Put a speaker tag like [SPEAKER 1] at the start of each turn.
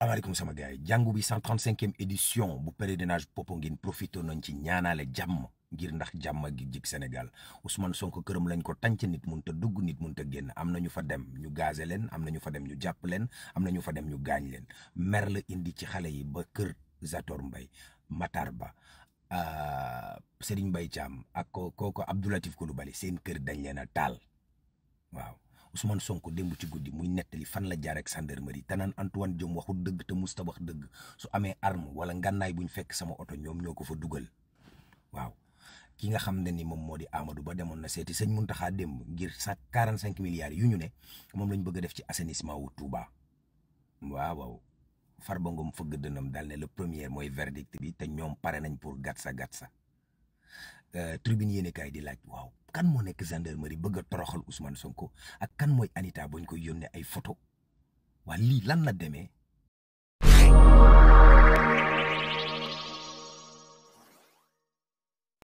[SPEAKER 1] asalaamaaleykum sama gars yi jàngu bi 135e édition bu pèlerinage Popenguine profité nañ ci ñaanaale jàmm ngir ndax jàmm gi jig Sénégal Ousmane sonk këram lañ ko tànc nit mun ta dugg nit mun ta génn am na ñu fa dem ñu gaze leen am na ñu fa dem ñu jàpp leen am na ñu fa dem ñu gaañ leen mer la indi ci xale yi ba kër Zator mbay Matar Ba uh, Serigne Mbaye Thiam ak ko kooku lu Coulibaly seen kër dañ leen a taal waaw. Ousmane Sonko demb ci guddi muy nettali fan la jaar ak gendarmerie te naan Antoine Diome waxul dëgg te musta wax dëgg su amee arme wala ngànnaay buñ fekk sama oto ñoom ñoo ko fa dugal waaw ki nga xam ne ni moom moo di Amadou Ba demoon na seeti sëñ Mountakha démb ngir sa 45 milliards yu ñu ne moom lañ bëgg def ci assainissement wu Touba waaw waaw Farba Ngom fëgg dënam daal ne le premier mooy verdict bi te ñoom pare nañ pour gatsa gatsa Euh, tribune yéene kaay di laaj waaw kan moo nekk gendarmerie bëgg a toroxal Ousmane Sonko ak kan mooy Anita bañ koy yónnee ay photo waa lii lan la demee